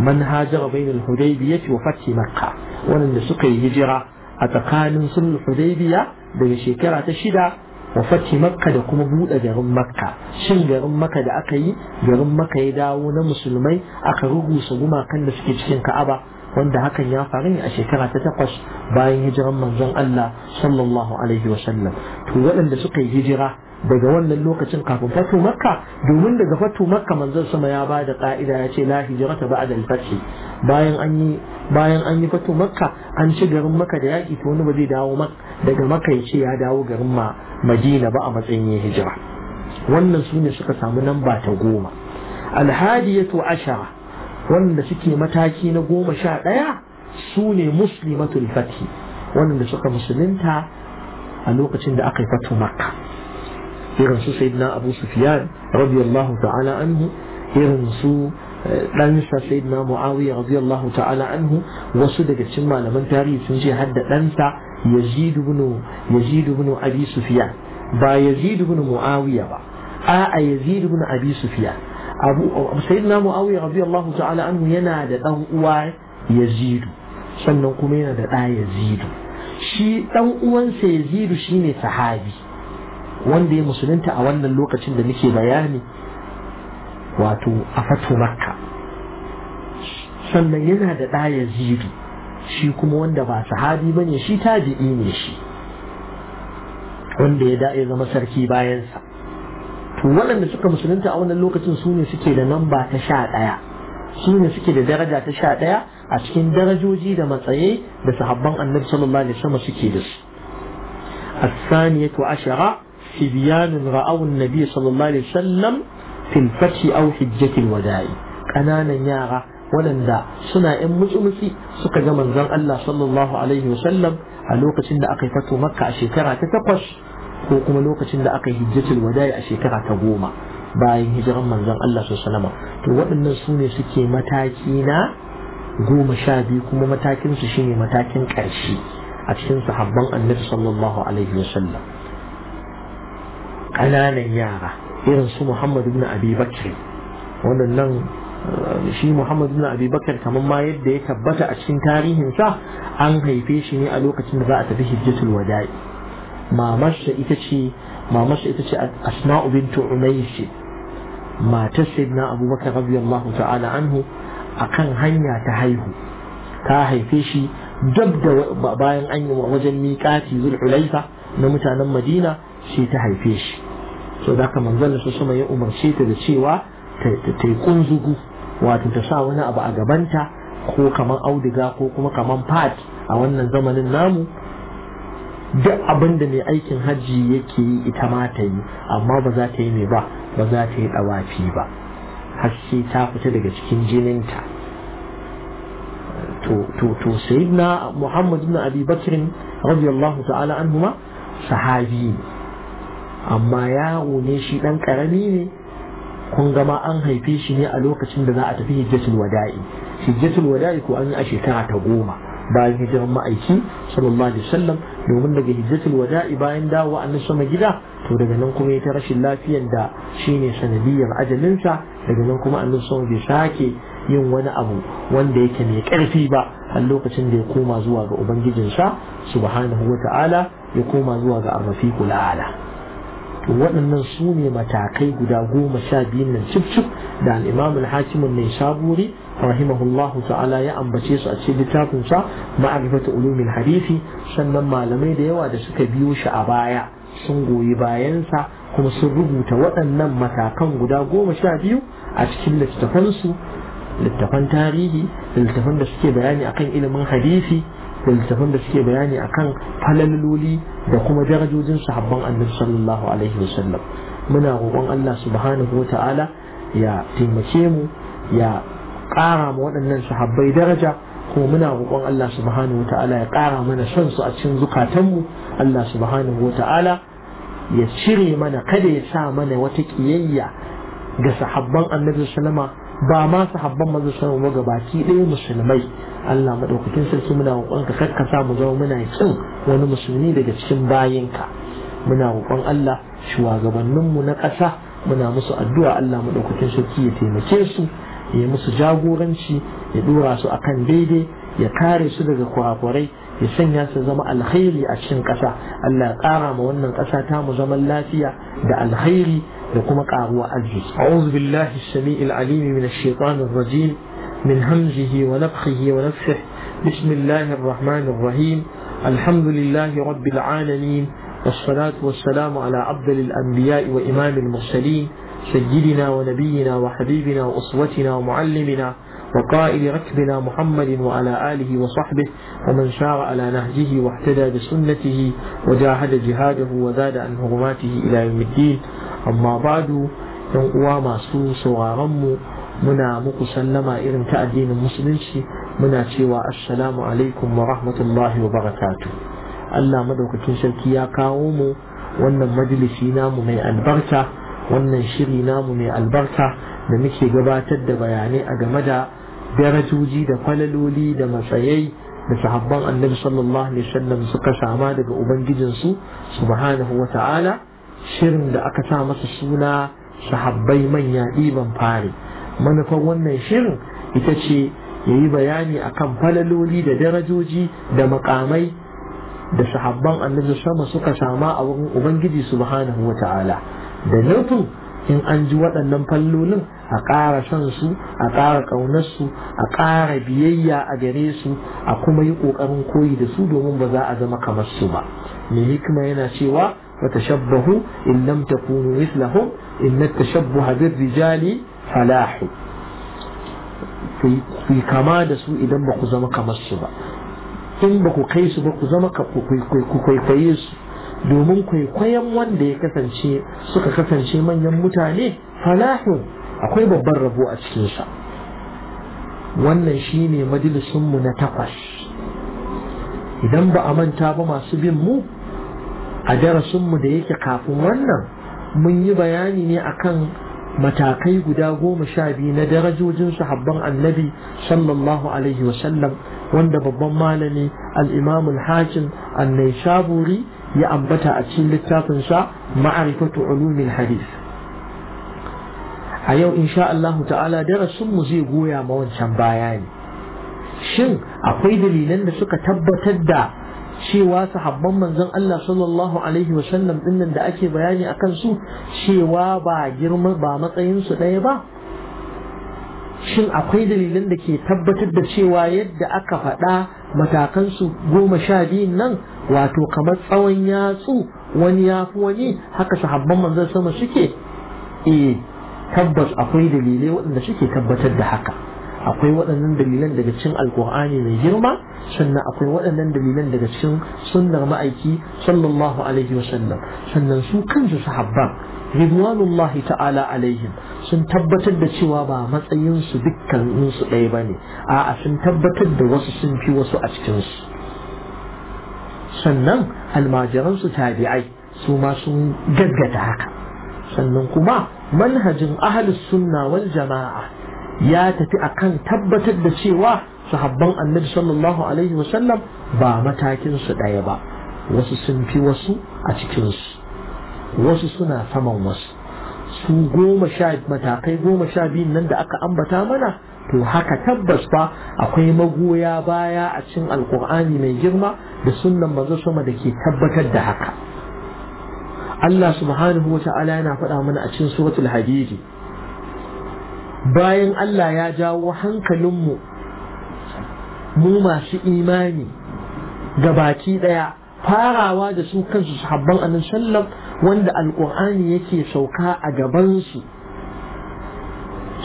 man hajara bainal hudaybiyah wa fathi makka wanda suka yi hijira a tsakanin sulh hudaybiya daga shekara ta shida wa fathi makka da kuma buɗe garin makka shin garin makka da aka yi garin makka ya dawo na musulmai aka rugusa gumakan da suke cikin ka'aba wanda hakan ya faru ne a shekara ta takwas bayan hijiran manzon Allah sallallahu alaihi wa sallam to waɗanda suka yi hijira daga wannan lokacin kafin fatu makka domin daga fatu makka manzon sama ya ba da ka'ida ya ce la hijrata ba'da al-fath bayan an yi bayan an yi fatu makka an ci garin makka da yaki to wani ba zai dawo daga makka ya ce ya dawo garin ma madina ba a matsayin yin hijira wannan su ne suka samu namba ta goma alhadiyatu ashara wanda suke mataki na goma sha ɗaya su ne muslimatul fati wanda suka musulunta a lokacin da aka yi fatu makka irin su sayyidina abu sufyan radiyallahu ta'ala anhu irin su eh, ɗansa sayyidina muawiya radiyallahu ta'ala anhu wasu daga cikin malaman tarihi sun ce hadda ɗansa yazid ibn yazid ibn abi sufyan ba yazid ibn muawiya ba a'a yazid ibn abi sufyan abu sayyidina muawiya radiyallahu ta'ala anhu yana da dan uwa yazidu sannan kuma yana da ɗa yazidu shi dan uwansa yazidu shine sahabi wanda ya musulunta a wannan lokacin da nake bayani wato a fatu makka sannan yana da ɗa yazidu shi kuma wanda ba sahabi bane shi tabi'i ne shi wanda ya da ya zama sarki bayansa to waɗanda suka musulunta a wannan lokacin su ne suke da namba ta sha ɗaya su ne suke da daraja ta sha ɗaya a cikin darajoji da matsayi da sahabban annabi sallallahu alaihi wasallam suke da su الثانية عشرة سبيان رأوا النبي صلى الله عليه وسلم في الفتح أو حجة الوداع أنا نيارة waɗanda suna ‘yan mutsumutsi suka ga manzon Allah sallallahu Alaihi wasallam a lokacin da aka yi fato makka a shekara ta takwas ko kuma lokacin da aka yi hijjatul wada'i a shekara ta goma bayan hijiran manzon Allah sallallahu alaihi to waɗannan su ne suke mataki na goma sha biyu kuma matakin su shine matakin ƙarshe a cikin sahabban annabi sallallahu alaihi wasallam ƙananan yara irin su Muhammad ibn Abi Bakr waɗannan eh, shi Muhammad bin Abi Bakar kamar ma yadda ya tabbata a cikin tarihinsa an haife shi ne a lokacin da za a tafi hijjatul wada'i mamarsa ita ce mamarsa ita ce asma'u bintu umaysi matar sayyidina abubakar radiyallahu ta'ala anhu akan hanya ta haihu ta haife shi dab da bayan an yi wajen miƙati zulhulaifa na mutanen madina sai ta haife shi so da haka manzon da sama ya umarce ta da cewa ta yi kunzugu wato ta sa wani abu a gabanta ko kaman auduga ko kuma kaman fat a wannan zamanin namu duk abin da mai aikin hajji yake yi ita ma ta yi amma ba za ta yi mai ba ba za ta yi ɗawafi ba haske ta fita daga cikin jininta to to to sayyidina Muhammad ibn Abi Bakr radiyallahu ta'ala ma sahabi ne amma yawo ne shi dan karami ne kun gama an haife shi ne a lokacin da za a tafi hijjatul wada'i hijjatul wada'i ko an yi a shekara ta goma bayan hijiran ma'aiki sallallahu alaihi wasallam domin daga hijjatul wada'i bayan dawo annabi sama gida to daga nan kuma ya ta rashin lafiyar da shine sanadiyar ajalinsa daga nan kuma annabi sama bai sake yin wani abu wanda yake mai karfi ba a lokacin da ya koma zuwa ga ubangijinsa subhanahu wata'ala ya koma zuwa ga arrafiqul a'la waɗannan su ne matakai guda goma sha biyun nan cif da al'imamu hakimin mai saburi rahimahullahu ta'ala ya ambace su a cikin littafinsa ma'arifatu ulumin hadisi sannan malamai da yawa da suka biyo shi a baya sun goyi bayansa kuma sun rubuta waɗannan matakan guda goma sha biyu a cikin littafansu littafan tarihi littafan da suke bayani akan ilimin hadisi da da suke bayani akan falaloli da kuma darajojin sahabban annabi sallallahu alaihi wasallam muna roƙon Allah subhanahu wata'ala ya taimake mu ya ƙara mu waɗannan sahabbai daraja kuma muna roƙon Allah subhanahu wata'ala ya ƙara mana son su a cikin zukatanmu Allah subhanahu wata'ala ya cire mana kada ya sa mana wata ƙiyayya ga sahabban annabi sallama ba ma su sahabban manzo sallallahu ga baki ɗaya musulmai Allah maɗaukakin sarki muna roƙon ka karkasa mu zama muna kin wani musulmi daga cikin bayinka muna roƙon Allah shugabannin mu na ƙasa muna musu addu'a Allah maɗaukakin sarki ya taimake su ya musu jagoranci ya ɗora su a kan daidai ya kare su daga kurakurai ya sanya su zama alkhairi a cikin ƙasa Allah ya ƙara ma wannan ƙasa ta mu zaman lafiya da alhairi. أعوذ بالله السميع العليم من الشيطان الرجيم من همزه ونفخه ونفخه بسم الله الرحمن الرحيم الحمد لله رب العالمين والصلاة والسلام على عبد الأنبياء وإمام المرسلين سيدنا ونبينا وحبيبنا وأسوتنا ومعلمنا وقائل ركبنا محمد وعلى آله وصحبه ومن شار على نهجه واهتدى بسنته وجاهد جهاده وزاد عن هرماته إلى يوم الدين amma badu yan uwa masu sauraron mu muna muku sallama irin ta addinin musulunci muna cewa assalamu alaikum wa rahmatullahi wa barakatu Allah madaukakin sarki ya kawo mu wannan majalisi namu mai albarka wannan shiri namu mai albarka da muke gabatar da bayanai a game da darajoji da falaloli da matsayai da sahabban annabi sallallahu alaihi wasallam suka sama daga ubangijinsu subhanahu wa ta'ala shirin da aka sa masa suna sahabbai manya ɗiban fari manufar wannan shirin ita ce ya yi bayani a kan falaloli da darajoji da makamai da sahabban annabi sama suka sama a wurin ubangiji subhanahu wa ta'ala da nufin in an ji waɗannan fallolin a ƙara son su a ƙara ƙaunarsu a ƙara biyayya a gare su a kuma yi ƙoƙarin koyi da su domin ba za a zama kamar su ba mai hikima yana cewa وتشبهوا إن لم تكونوا مثلهم إن التشبه بالرجال فلاح في كما دسو إذا بكو زما كما السبا إن بكو كيس بكو زما كيس domin kwaikwayon wanda ya kasance suka kasance manyan mutane falahun akwai babban rabo a cikinsa wannan shine majalisunmu na takwas idan ba a manta ba masu bin mu a darasinmu da yake kafin wannan mun yi bayani ne akan matakai guda goma sha biyu na darajojin sahabban annabi sallallahu alaihi wasallam wanda babban malami al-imam Annai hakim ya ambata a cikin littafin sa ma'arifatu Ulumin hadith a yau insha Allah ta'ala darasinmu zai goya ma wancan bayani shin akwai dalilan da suka tabbatar da cewa sahabban manzon Allah sallallahu alaihi wa sallam dinnan da ake bayani kan su cewa ba girma ba matsayin su ɗaya ba shin akwai dalilan da ke tabbatar da cewa yadda aka faɗa matakan su goma sha biyun nan wato kamar tsawon yatsu wani ya fi wani haka sahabban manzon sama suke eh tabbas akwai dalilai waɗanda suke tabbatar da haka akwai waɗannan dalilan daga cikin alkur'ani mai girma sannan akwai waɗannan dalilan daga cikin sunnar ma'aiki sallallahu alaihi wasallam sannan su kansu sahabban ridwanullahi ta'ala alaihim sun tabbatar da cewa ba matsayin su dukkan su ɗaya bane a'a sun tabbatar da wasu sun fi wasu a cikin su sannan almajiran su tabi'ai su ma sun gaggata haka sannan kuma manhajin ahlus sunna wal jama'a ya tafi a kan tabbatar da cewa sahabban annabi sallallahu alaihi wasallam ba matakin su ɗaya ba wasu sun fi wasu a cikinsu wasu suna saman wasu su goma sha matakai goma sha biyun nan da aka ambata mana to haka tabbas fa akwai magoya baya a cikin alkur'ani mai girma da sunnan manzo sama da ke tabbatar da haka Allah subhanahu wa ta'ala yana faɗa mana a cikin suratul hadidi bayan Allah ya jawo hankalinmu mu masu imani ga baki ɗaya farawa da su kansu sahabban annan sallam wanda alƙur'ani yake sauka a gabansu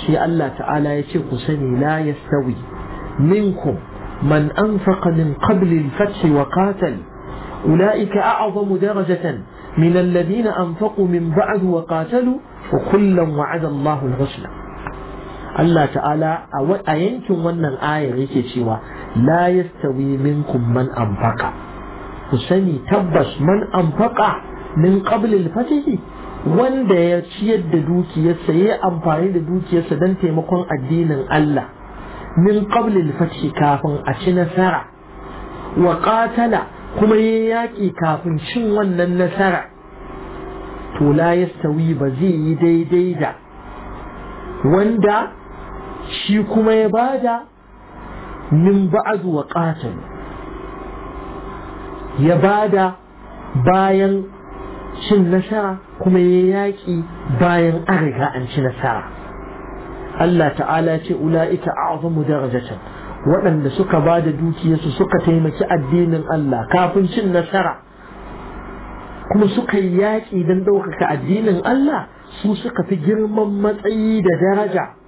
sai Allah ta'ala ya ce ku sani la yastawi minkum man anfaqa min qabli al-fath wa qatal ulaika a'zamu darajatan min alladhina anfaqu min ba'd wa qatalu wa kullam wa'ada Allahu al-husna Allah ta'ala a yankin wannan ayar yake cewa la yastawi minkum man anfaqa ku sani tabbas man anfaqa min qabl al wanda ya ciyar da dukiyarsa ya amfani da dukiyarsa don taimakon addinin Allah min qabl al kafin a ci nasara wa qatala kuma ya yaƙi kafin cin wannan nasara to la yastawi ba zai yi daidai da wanda shi kuma ya bada min ba'd wa qatil ya bada bayan cin nasara kuma ya yaƙi bayan an riga an ci nasara Allah ta'ala ce ula'ika a'zamu darajatan waɗanda suka ba da dukiyarsu suka taimaki addinin Allah kafin cin nasara kuma suka yi yaƙi don ɗaukaka addinin Allah su suka fi girman matsayi da daraja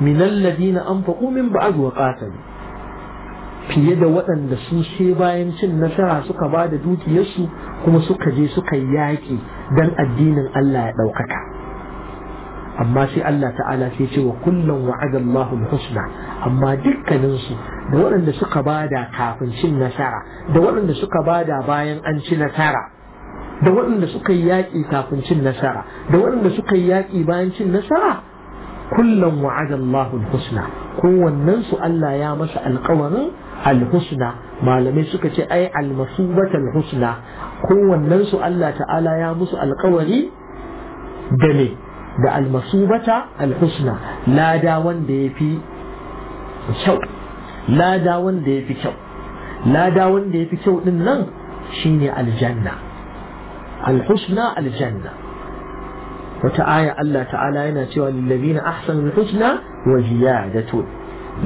min alladina anfaqu min ba'd wa fiye da waɗanda sun she bayan cin nasara suka ba da dukiyarsu kuma suka je suka yaƙi dan addinin Allah ya ɗaukaka amma sai Allah ta'ala sai ce wa kullum wa'ada Allahu husna amma dukkaninsu da waɗanda suka bada kafin cin nasara da waɗanda suka bada bayan an ci nasara da waɗanda suka yaƙi kafin cin nasara da waɗanda suka yi yaƙi bayan cin nasara kullum wa'ada Allahu husna kowannen su Allah ya masa alƙawarin alhusna. malamai suka ce ai al alhusna. al kowannen su Allah ta'ala ya musu alƙawari da ne da almasubata alhusna. lada wanda yafi kyau lada wanda yafi kyau lada wanda fi kyau din nan shine aljanna Alhusna aljanna wata aya Allah ta'ala yana cewa lillazina ahsanul husna wa ziyadatu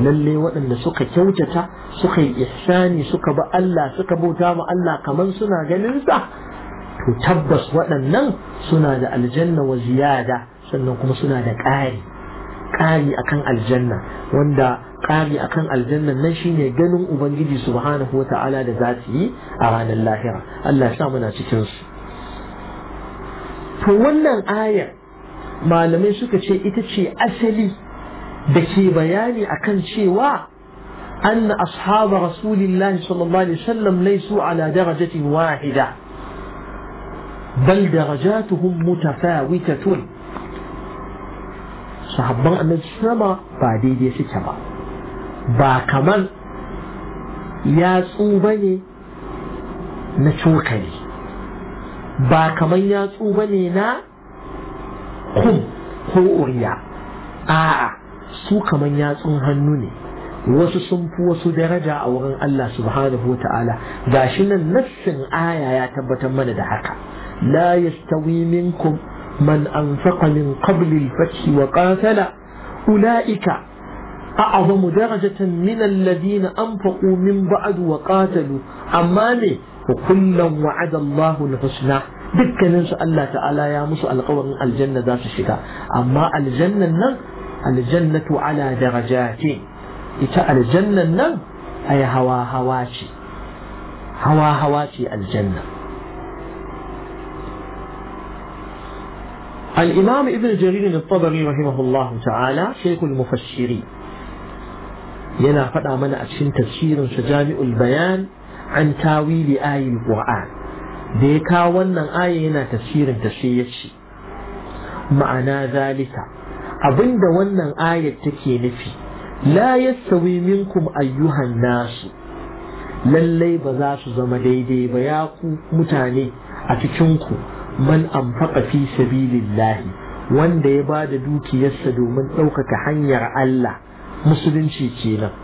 lalle waɗanda suka kyautata suka yi ihsani suka ba Allah suka bauta ma Allah kamar suna ganin sa to tabbas waɗannan suna da aljanna wa ziyada sannan kuma suna da ƙari ƙari akan aljanna wanda ƙari akan aljanna nan shine ganin ubangiji subhanahu wata'ala da za su yi a ranar lahira Allah ya sa muna cikin su to wannan ayar malamai suka ce ita ce asali da ke bayani akan cewa أن أصحاب رسول الله صلى الله عليه وسلم ليسوا على درجة واحدة بل درجاتهم متفاوتة صحابة النبي سلم بعدين يسكبا با كمان يا صوبني نتوكلي ba kamar yatsu ba ne na kum ko uriya a'a su kamar yatsun hannu ne wasu sun fi wasu daraja a wurin Allah subhanahu wa ta'ala gashi nan nassin aya ya tabbatar mana da haka la yastawi minkum man anfaqa min qabli al-fath wa qatala ulaika a'zamu darajatan min alladhina anfaqu min ba'd wa qatalu amma ne وكل وعد الله الحسنى ان شاء الله تعالى يا موسى القوم الجنة ذات الشتاء أما الجنة النم الجنة على درجات إذا الجنة النم أي هوا هواشي هوا هواشي الجنة الإمام ابن جرير الطبري رحمه الله تعالى شيخ المفسرين ينا فدا من أجل تفسير جامع البيان an tawili ayin qur'an da ya kawo wannan aya yana tafsirin ta sai ya ce ma'ana zalika abinda wannan ayar take nufi la yastawi minkum ayyuhan nasu lallai ba za su zama daidai ba ya ku mutane a cikinku man anfaqa fi sabilillahi wanda ya bada dukiyarsa domin ɗaukaka hanyar Allah musulunci kenan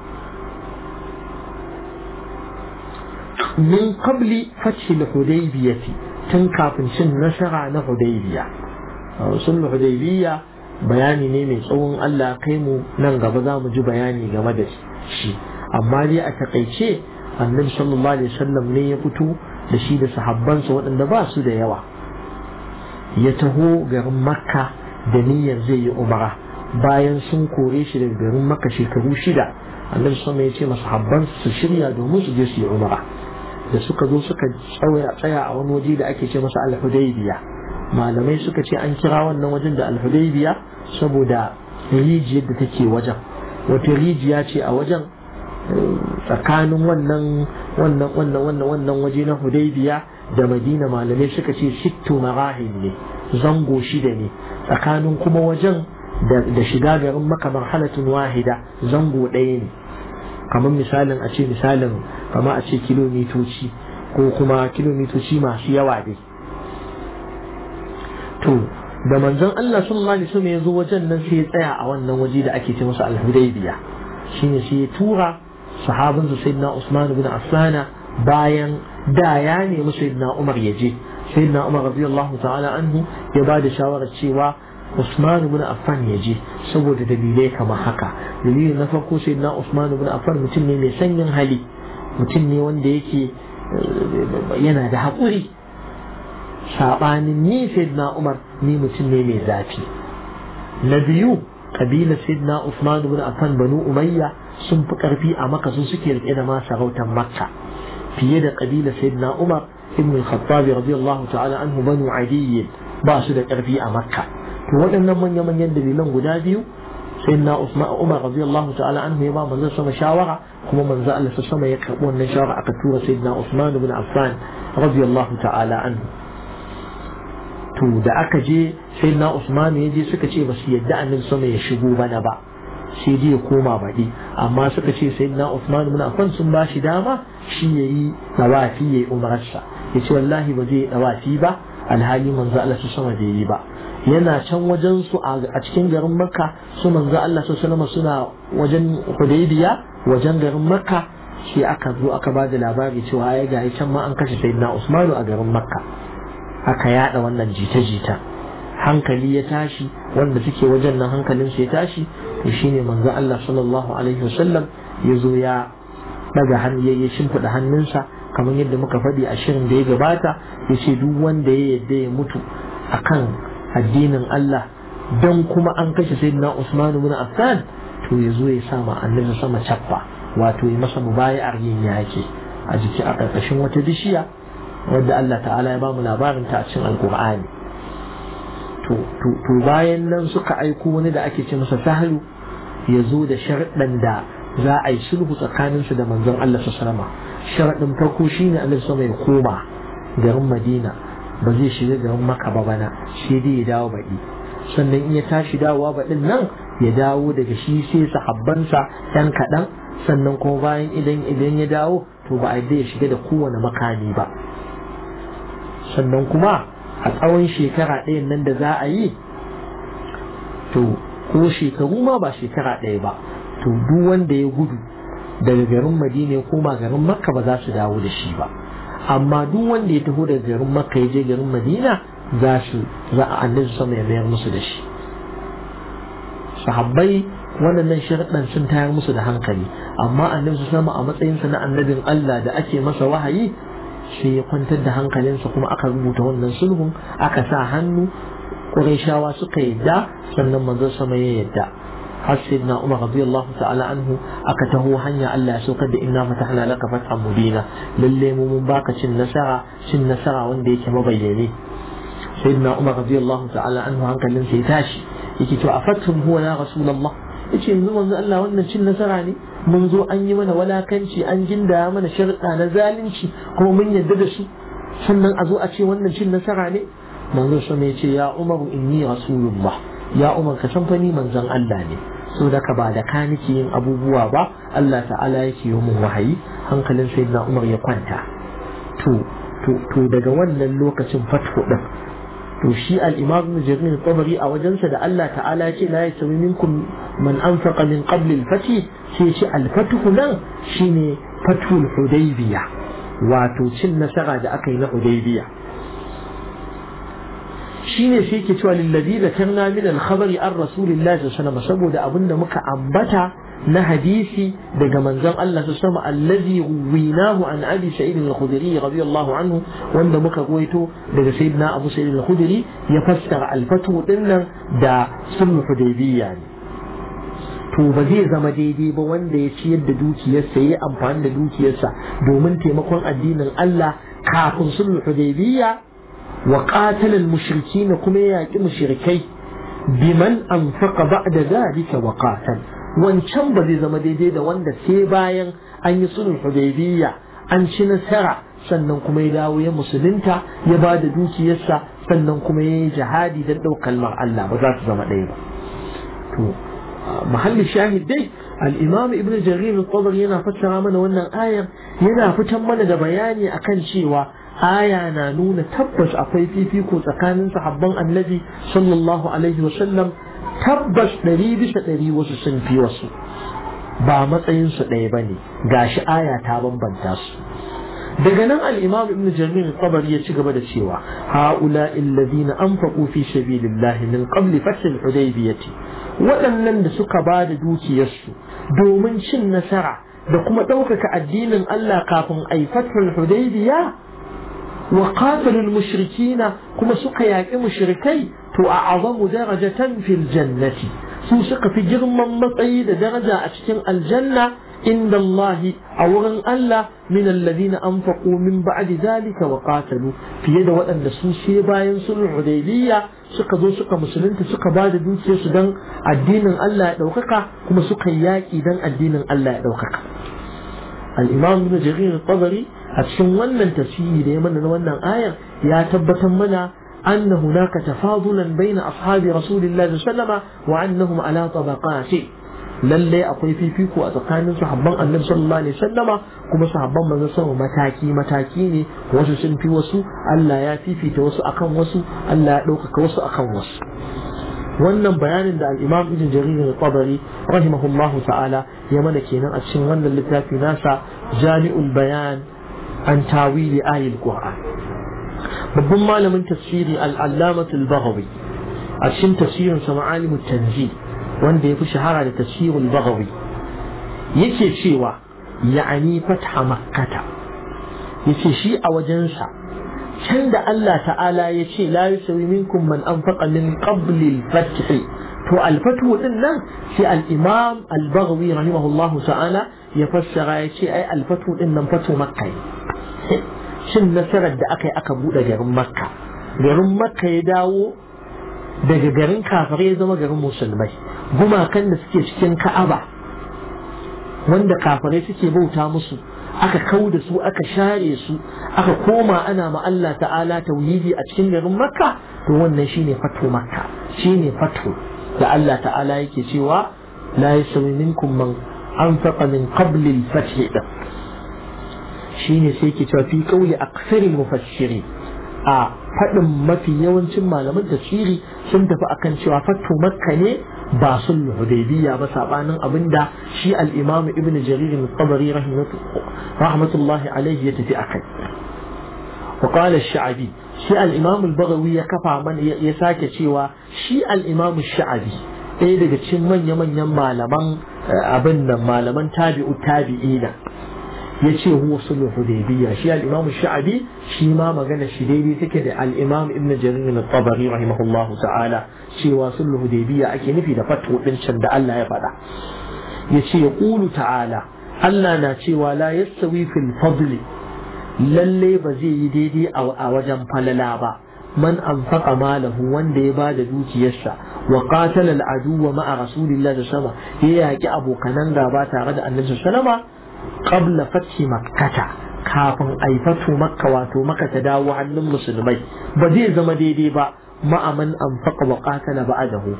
min qabli fathil hudaybiyati tun kafin cin nasara na hudaybiya sulhu hudaybiya bayani ne mai tsawon Allah kai mu nan gaba za mu ji bayani game da shi amma dai a takaice annabi sallallahu alaihi wasallam ne ya fito da shi da sahabbansa waɗanda ba su da yawa ya taho garin makka da niyyar zai yi umara bayan sun kore shi daga garin makka shekaru shida annabi sallallahu ya ce masahabbansa su shirya domin su je su yi umara da suka zo suka tsaya a wani waje da ake ce masa alhudaibiya malamai suka ce an kira wannan wajen da alhudaibiya saboda rijiyar da take wajen wata rijiya ce a wajen eh, tsakanin wannan wannan wannan wannan wannan waje na hudaibiya da madina malamai suka ce shittu marahin ne zango shida ne tsakanin kuma wajen da shiga garin maka marhalatun wahida zango ɗaya ne kamar misalin a ce misalin kama a ce kilomitoci ko kuma kilomitoci masu yawa dai to da manzon Allah sallallahu alaihi wasallam ya zo wajen nan sai ya tsaya a wannan waje da ake ce masa al-Hudaybiya shine sai ya tura sahabin sa sayyidina Usman Bin Affan bayan da ya nemi sayyidina Umar ya je sayyidina Umar radiyallahu ta'ala anhu ya ba da shawarar cewa Usman ibn Affan ya je saboda dalilai kamar haka dalilin na farko sai na Usman ibn Affan mutum ne mai sanyin hali mutum ne wanda yake eh, yana da haƙuri saɓanin ni sai Umar ni mutum ne mai zafi na biyu kabila sayyidina Usman ibn Affan banu Umayya sun fi karfi a Makka sun suke rike da ma sarautar Makka fiye da kabila sayyidina Umar ibn Khattab radiyallahu ta'ala anhu banu Adiyy ba su da karfi a Makka to waɗannan manya-manyan dalilan guda biyu sai na Usman Umar radiyallahu ta'ala anhu ya ba manzon sama shawara kuma manzon Allah sama ya karɓi wannan shawara aka tura sayyidina Usman ibn Affan radiyallahu ta'ala anhu to da aka je sayyidina Usman ya je suka ce basu yadda annabi sama ya shigo bana ba sai dai ya koma baɗi amma suka ce sayyidina Usman ibn Affan sun ba shi dama shi yayi dawafi yayi umarsa yace wallahi ba zai yi ɗawafi ba alhali manzo Allah sama bai yi ba yana can wajen su a cikin garin makka su manzo Allah su suna wajen hudaybiya wajen garin makka shi aka zo aka ba da labari cewa ya gayi can ma an kashe sayyidina usmanu a garin makka aka yada wannan jita-jita hankali ya tashi wanda suke wajen nan hankalin su ya tashi to shine manzo Allah sallallahu alaihi wasallam ya zo ya daga hannu ya shimfiɗa hannunsa kamar yadda muka faɗi a shirin da ya gabata ya ce duk wanda ya yadda ya mutu akan addinin Allah don kuma an kashe sayyidina Usman ibn Affan to ya zo ya sama annabi sama cappa wato ya masa mubayar yin yaki a jiki a ƙarƙashin wata bishiya wadda Allah ta'ala ya bamu labarin ta a cikin alkur'ani to bayan nan suka aiko wani da ake ce masa sahlu ya zo da sharɗan da za a yi sulhu tsakaninsu da manzon Allah su sarama sharaɗin farko shine Allah sama ya koma garin Madina ba zai shiga garin maka ba bana shi dai ya dawo baɗi sannan in ya tashi dawowa baɗin nan ya dawo daga shi sai sahabbansa ɗan kaɗan sannan kuma bayan idan idan ya dawo to ba a ya shiga da kowane makami ba sannan kuma a tsawon shekara ɗayan nan da za a yi to ko shekaru ma ba shekara ɗaya ba to duk wanda ya gudu daga garin madina ya koma garin makka ba za su dawo da shi ba amma duk wanda ya taho daga garin makka ya je garin madina za su za a annabi sama ya bayar musu da shi sahabbai wannan sharaɗan sun tayar musu da hankali amma annabi sama a matsayinsa na annabin Allah da ake masa wahayi sai ya kwantar da hankalinsa kuma aka rubuta wannan sulhun aka sa hannu ƙurashawa suka yadda sannan manzon sama ya yadda har sayyidina Umar radiyallahu ta'ala anhu aka taho hanya Allah ya saukar da inna fatahna laka fathan mubina lalle mu mun baka cin nasara cin nasara wanda yake mabayyane sayyidina Umar radiyallahu ta'ala anhu hankalin sai tashi yake to a fathun huwa ya rasulullah yace yanzu manzo Allah wannan cin nasara ne mun zo an yi mana walakanci an gindaya mana sharuɗa na zalunci kuma mun yarda da su sannan a zo a ce wannan cin nasara ne manzo sai ya ce ya Umar inni rasulullah ya umarka kamfani manzon Allah ne so da ka ba da ka nake yin abubuwa ba Allah ta'ala yake yi mun wahayi hankalin sayyidina Umar ya kwanta to to to daga wannan lokacin fatko din to shi al-Imam Jarir Tabari a wajensa da Allah ta'ala ce la yasawi minkum man anfaqa min qabl al-fatih sai shi al-fathu nan shine fathul hudaybiya wato cin nasara da aka yi na hudaybiya shine sai yake cewa lillazi da karna min al-khabari an rasulillahi sallallahu alaihi saboda abinda muka ambata na hadisi daga manzon Allah sallallahu alaihi wasallam allazi ruwinahu an abi sa'id al-khudri radiyallahu anhu wanda muka goyito daga sayyidina abu sa'id al-khudri ya fassara al-fatu dinnan da sulhu hudaybiyya ne to ba zai zama daidai ba wanda ya ciyar da dukiyarsa ya yi amfani da dukiyarsa domin taimakon addinin Allah kafin sulhu hudaybiyya وقاتل المشركين كما يأتي مشركي بمن أنفق بعد ذلك وقاتل وانشنب دي زمدي دي دوان دا سيباين أن يصل الحديبية أن شن سرع سنن كما يداوي مسلمتا يباد دوكي يسا سنن كما يجهادي دا دو كلمة الله وذات زمدي محل الشاهد دي الإمام ابن جرير الطبري ينا فتر من وانا آية ينا فتر من دا بياني أكن شيء aya na nuna tabbas akwai fifiko tsakanin sahabban annabi sallallahu alaihi sallam. tabbas ɗari bisa ɗari wasu sun fi wasu ba matsayin su ɗaya ba ne gashi aya ta bambanta su daga nan al'imam ibn jami'in kabar ya ci gaba da cewa ha'ula illazina an faƙo fi shabilillahi min qabli fathil hudaybiyati waɗannan da suka ba da dukiyarsu domin cin nasara da kuma ɗaukaka addinin Allah kafin ai fathil hudaybiya وقاتل المشركين كما سقى يعني مشركي تو أعظم درجة في الجنة سوسق في جرم مطيد درجة أشكين الجنة عند الله أو ألا من الذين أنفقوا من بعد ذلك وقاتلوا في يد وأن سوسي باين سل عديلية سقى ذو سقى مسلم سقى بعد ذلك سدن الدين ألا يدوقق كما سقى ياكي دن الدين ألا يدوقق al-imam ibn jarir al-tabari a cikin wannan tafsiri da ya mana na wannan ayar ya tabbatar mana أن هناك تفاضلا بين أصحاب رسول الله صلى الله عليه وسلم وأنهم على طبقات lallai akwai fifiko a tsakanin sahabban annabi sallallahu alaihi wasallama kuma sahabban manzo sama mataki mataki ne wasu sun fi wasu Allah ya fifita wasu akan wasu Allah ya ɗaukaka wasu akan wasu wannan bayanin da al-imam ibn jarir al-tabari rahimahullah ta'ala ya mana kenan a cikin wannan littafi nasa jami'ul bayan an tawili ayil qur'an babban malamin tafsiri al allama al-baghawi a cikin tafsirin sa ma'alim tanzil wanda yafi shahara da tafsirin baghawi yake cewa ya'ani fatha makkata yace shi a wajensa can da Allah ta'ala ya ce la yusawi minkum man anfaqa min qabli al-fath to al-fathu din nan sai al-imam al-baghawi rahimahullahu ta'ala ya fassara ya ce ai al-fathu din nan fatu makka shin nasarar da aka yi aka bude garin makka garin makka ya dawo daga garin kafare ya zama garin musulmai gumakan da suke cikin ka'aba wanda kafirai suke bauta musu aka kau da su aka share su aka koma ana ma Allah ta'ala tauhidi a cikin garin makka to wannan shine fatu makka shine fatu da Allah ta'ala yake cewa la yasmi minkum man anfaqa min qabl al-fath shine sai yake cewa fi qawli aktharil mufassirin a faɗin mafi yawancin malaman tafsiri sun tafi akan cewa fatto makka ne ba sun hudaybiyya ba sabanin abinda shi al-imam ibn jarir al-tabari rahmatullahi alayhi ya tafi akai wa qala ash-sha'bi shi al-imam al-baghawi ya kafa man ya sake cewa shi al-imam ash-sha'bi ɗaya daga cikin manya-manyan malaman eh, abin nan malaman tabi'u tabi'ina ya ce huwa sulhu hudaybiyya shi al-imam sha'abi shi ma magana shi daidai take da al-imam ibn jarir al-tabari rahimahullahu ta'ala cewa sulhu hudaybiyya ake nufi da fatwa din can da Allah ya faɗa Yace ce ya qulu ta'ala Allah na cewa la yastawi fil fadli lalle ba zai yi daidai a wajen falala ba man anfaqa malahu wanda ya bada dukiyarsa wa qatala al-adu wama ma'a rasulillahi sallallahu alaihi wasallam ya yaki abokanan gaba tare da annabi sallallahu alaihi wasallam qabla fathi makkata kafin ai fatu makka wato maka ta dawo hannun musulmai ba zai zama daidai ba ma'aman anfaqa wa na ba'dahu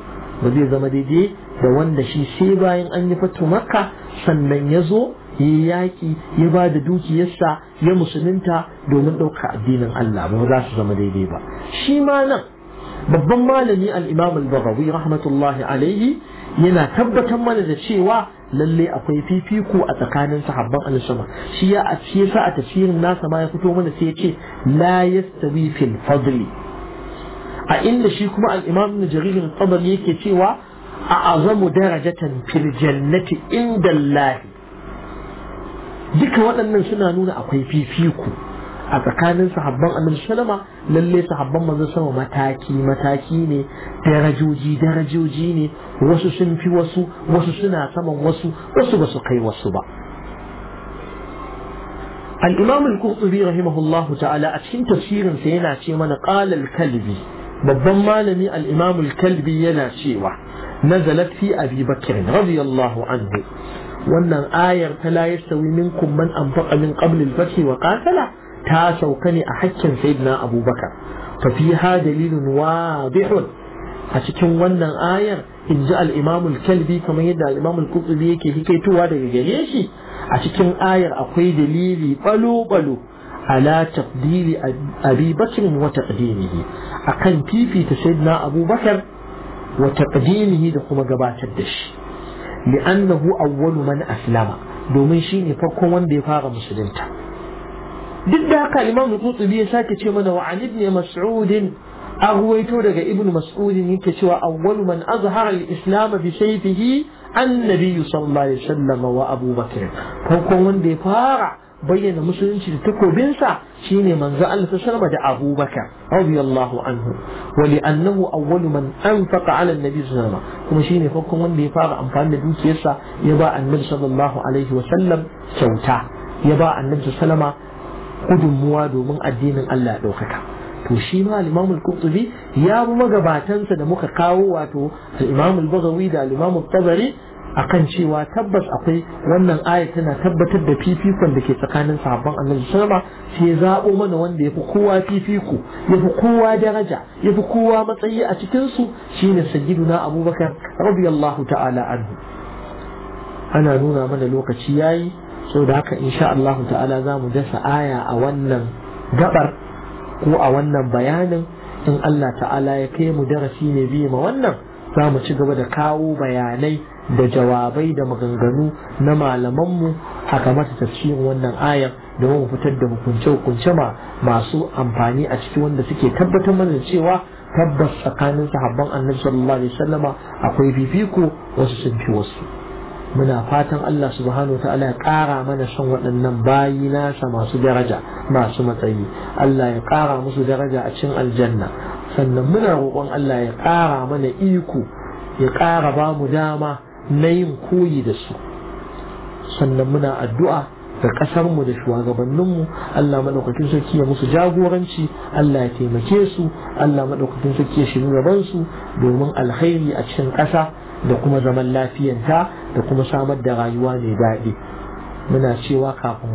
ba zai zama daidai da wanda shi sai bayan an yi fatu makka sannan ya zo ya yaƙi ya ba da dukiyarsa ya musulunta domin ɗauka addinin Allah ba za su zama daidai ba shi ma nan babban malami al-imam al rahmatullahi alaihi yana tabbatar mana da cewa lalle akwai fifiko a tsakanin sahabban sama shi ya a ce sa a tafsirin nasa ma ya fito mana sai ya ce la yastawi fil fadli a inda shi kuma al-imam ibn jarir al-tabari yake cewa a azamu darajatan fil jannati inda Allah duka waɗannan suna nuna akwai fifiko a tsakanin sahabban annabi shi ma lalle sahabban manzo sama mataki mataki ne darajoji darajoji ne wasu sun fi wasu wasu suna saman wasu wasu ba su kai wasu الإمام القرطبي رحمه الله تعالى أتكين تفسير سينا من قال الكلبي ببما لمي الإمام الكلبي ينا يناشيوة نزلت في أبي بكر رضي الله عنه وأن آية فلا يستوي منكم من أنفق من قبل الفتح وقاتله تاسو كني أحكم سيدنا أبو بكر ففيها دليل واضح أشكم ونن آية إن جاء الإمام الكلبي كما يدى الإمام الكلبي كي هي كيتو وادا يجيشي أشكم آية أقوي دليلي بلو بلو على تقدير أبي بكر وتقديمه أقل تيفي تسيدنا أبو بكر وتقديمه لكم قبات الدش لأنه أول من أسلم دومين شيني فكو ون بفاغ مسلمته duk da haka limamu kutubi ya sake ce mana wa an ibn Mas'udin. an ruwaito daga ibn mas'ud yake cewa awwalu man azhara al-islam bi sayfihi annabi sallallahu alaihi wasallam wa abubakar farkon wanda ya fara bayyana musulunci da takobinsa shine manzo Allah sallama da Abu Bakar radiyallahu anhu wa li'annahu awwalu man anfaqa 'ala an-nabi sallallahu alaihi kuma shine farkon wanda ya fara amfani da dukiyarsa ya ba annabi sallallahu alaihi wa sallam kyauta ya ba annabi sallama gudunmuwa domin addinin Allah ɗaukata ɗaukaka to shi ma al-Imam al-Qurtubi ya bi magabatansa da muka kawo wato al-Imam al da al-Imam al-Tabari akan cewa tabbas akwai wannan aya tana tabbatar da fifikon da ke tsakanin sahabban Annabi sallama sai ya zabo mana wanda yafi kowa fifiko yafi kowa daraja yafi kowa matsayi a cikin su shine sayyiduna Abubakar radiyallahu ta'ala anhu ana nuna mana lokaci yayi so da haka insha Allah ta'ala za mu dasa aya a wannan gabar ko a wannan bayanin in Allah ta'ala ya kai mu darasi ne biyu ma wannan za mu ci gaba da kawo bayanai da jawabai da maganganu na malamanmu haka mata tafsirin wannan aya domin mu fitar da hukunce-hukunce ma masu amfani a cikin wanda suke tabbatar mana da cewa tabbas tsakanin sahabban annabi sallallahu alaihi wasallama akwai fifiko wasu sun fi wasu muna fatan Allah subhanahu wa ta'ala ya ƙara mana son waɗannan bayi nasa masu daraja masu matsayi Allah ya ƙara musu daraja a cikin aljanna sannan muna roƙon Allah ya ƙara mana iko ya ƙara ba mu dama na yin koyi da su sannan muna addu'a da ƙasarmu da shugabanninmu Allah maɗaukakin sarki ya musu jagoranci Allah ya taimake su Allah maɗaukakin sarki ya shiru gabansu domin alkhairi a cikin ƙasa da kuma zaman lafiyanta da kuma samar da rayuwa mai daɗi muna cewa kafin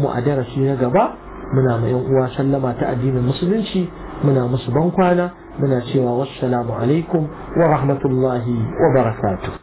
mu a darasi na gaba muna ma 'yan uwa sallama ta addinin musulunci muna musu bankwana muna cewa wassalamu alaikum wa rahmatullahi wa barakatuh